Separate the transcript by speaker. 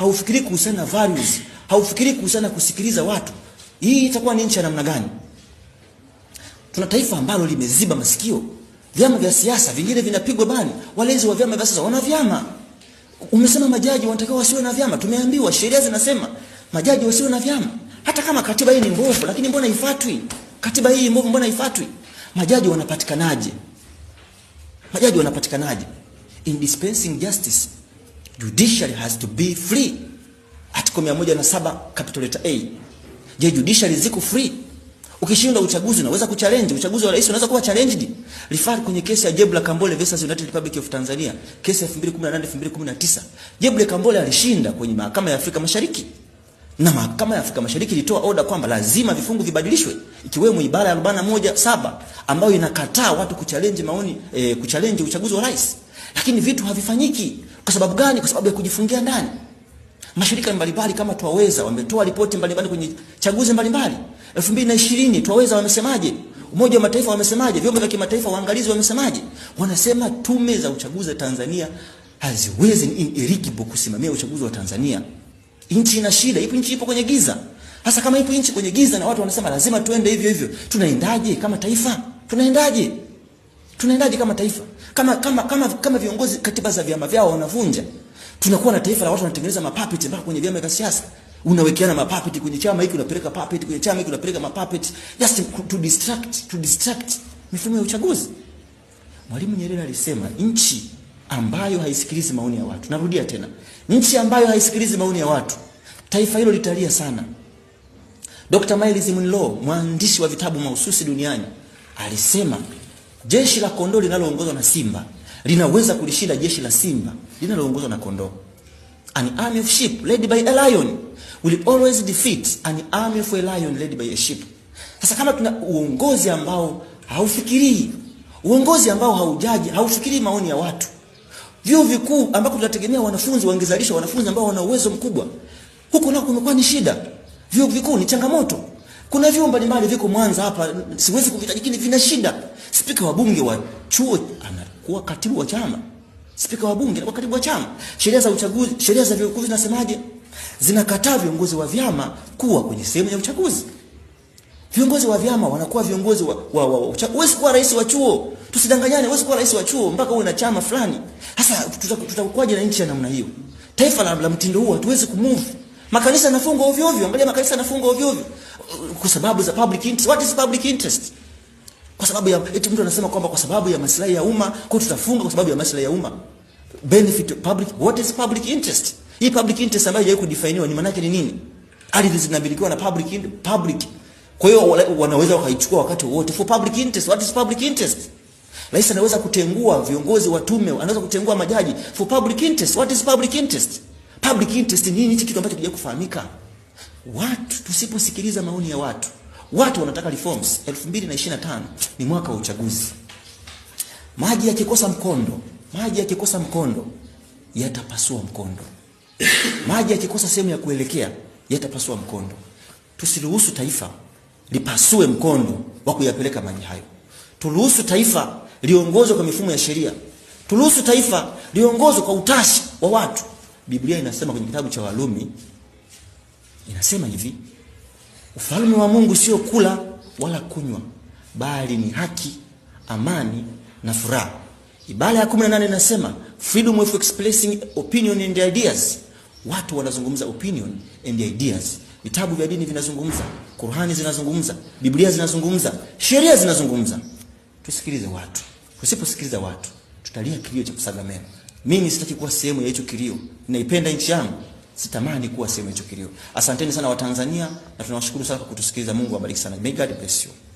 Speaker 1: haufikiri kuhusiana na values, haufikiri kuhusiana na kusikiliza watu. Hii itakuwa ni nchi ya namna gani? Tuna taifa ambalo limeziba masikio, vyama vya siasa vingine vinapigwa bani, walezi wa vyama vya siasa wana vyama. Umesema majaji wanatakiwa wasiwe na vyama, tumeambiwa sheria zinasema majaji wasiwe na vyama. Hata kama katiba hii ni mbovu, lakini mbona ifuatwi? Katiba hii mbovu, mbona ifuatwi? Majaji wanapatikanaje? Majaji wanapatikanaje in dispensing justice? judiciary has to be free. Article 107 capital letter A. Je, judiciary ziko free? Ukishinda uchaguzi unaweza kuchallenge, uchaguzi wa rais unaweza kuwa challenged. Refer kwenye kesi ya Jebla Kambole versus United Republic of Tanzania, kesi ya 2018 2019. Jebla Kambole alishinda kwenye mahakama ya Afrika Mashariki. Na mahakama ya Afrika Mashariki ilitoa oda kwamba lazima vifungu vibadilishwe ikiwemo ibara ya 41 saba ambayo inakataa watu kuchallenge maoni e, kuchallenge uchaguzi wa rais lakini vitu havifanyiki. Kwa sababu gani? Kwa sababu ya kujifungia ndani. Mashirika mbalimbali kama Twaweza wametoa ripoti mbalimbali kwenye chaguzi mbalimbali. 2020 Twaweza wamesemaje? Umoja wa Mataifa wamesemaje? Vyombo vya kimataifa waangalizi wamesemaje? Wanasema tume za uchaguzi Tanzania haziwezi ineligible kusimamia uchaguzi wa Tanzania. Nchi ina shida, ipo nchi ipo kwenye giza. Sasa kama ipo nchi kwenye giza na watu wanasema lazima tuende hivyo hivyo, tunaendaje kama taifa? Tunaendaje? tunaendaje kama taifa? Kama, kama, kama, kama viongozi katiba za vyama vyao wanavunja, tunakuwa na taifa la watu wanatengeneza mapapeti mpaka kwenye vyama vya siasa unawekeana mapapeti kwenye chama hiki unapeleka papeti kwenye chama hiki unapeleka mapapeti just to distract, to distract mifumo ya uchaguzi. Mwalimu Nyerere alisema nchi ambayo haisikilizi maoni ya watu, narudia tena, nchi ambayo haisikilizi maoni ya watu, taifa hilo litalia sana. Dr. Miles Munro, mwandishi wa vitabu mahususi duniani, alisema Jeshi la kondoo linaloongozwa na simba linaweza kulishinda jeshi la simba linaloongozwa na kondoo. An army of sheep led by a lion will always defeat an army of a lion led by a sheep. Sasa kama tuna uongozi ambao haufikirii, uongozi ambao haujaji, haufikirii maoni ya watu, vyuo vikuu ambako tunategemea wanafunzi wangezalisha wanafunzi ambao wana uwezo mkubwa, huko nako kumekuwa ni shida. Vyuo vikuu ni changamoto. Kuna vyuo mbalimbali viko Mwanza hapa, siwezi kuvita, lakini vina shida. Spika wa bunge wa chuo anakuwa katibu wa chama, spika wa bunge anakuwa katibu wa chama. Sheria za uchaguzi, sheria za vyuo vikuu zinasemaje? Zinakataa viongozi wa vyama kuwa kwenye sehemu ya uchaguzi. Viongozi wa vyama wanakuwa viongozi wa, wa, wa, wa huwezi kuwa rais wa chuo, tusidanganyane. Huwezi kuwa rais wa chuo mpaka uwe na chama fulani. Sasa tutakuwaje na nchi ya namna hiyo? Taifa la, la mtindo huu hatuwezi kumove. Makanisa yanafungwa ovyo ovyo, angalia makanisa yanafungwa ovyo ovyo kwa sababu za public interest. What is public interest? Kwa sababu ya eti mtu anasema kwamba kwa sababu ya maslahi ya umma, kwa tutafunga kwa sababu ya maslahi ya umma. Benefit public, what is public interest? Hii public interest ambayo haiwezi kudefiniwa ni maana yake ni nini? Ardhi zinamilikiwa na public public. Kwa hiyo wanaweza wakaichukua wakati wote for public interest. What is public interest? Rais anaweza kutengua viongozi wa tume, anaweza kutengua majaji for public interest. What is public interest? Public interest ni nini? Hichi kitu ambacho kijakufahamika. Watu tusiposikiliza maoni ya watu, watu wanataka reforms. 2025 ni mwaka wa uchaguzi. Maji yakikosa mkondo, maji yakikosa mkondo yatapasua mkondo. Maji yakikosa sehemu ya kuelekea yatapasua mkondo. Tusiruhusu taifa lipasue mkondo wa kuyapeleka maji hayo. Turuhusu taifa liongozwe kwa mifumo ya sheria. Turuhusu taifa liongozwe kwa utashi wa watu. Biblia inasema kwenye kitabu cha Warumi inasema hivi, ufalme wa Mungu sio kula wala kunywa, bali ni haki, amani na furaha. Ibara ya 18 inasema freedom of expressing opinion and ideas. Watu wanazungumza opinion and ideas. Vitabu vya dini vinazungumza, Qur'ani zinazungumza, Biblia zinazungumza, sheria zinazungumza. Tusikilize watu. Tusiposikiliza watu, tutalia kilio cha kusaga meno. Mimi sitaki kuwa sehemu ya hicho kilio. Naipenda nchi yangu, sitamani kuwa sehemu ya hicho kilio. Asanteni sana Watanzania na tunawashukuru sana kwa kutusikiliza. Mungu awabariki sana. May God bless you.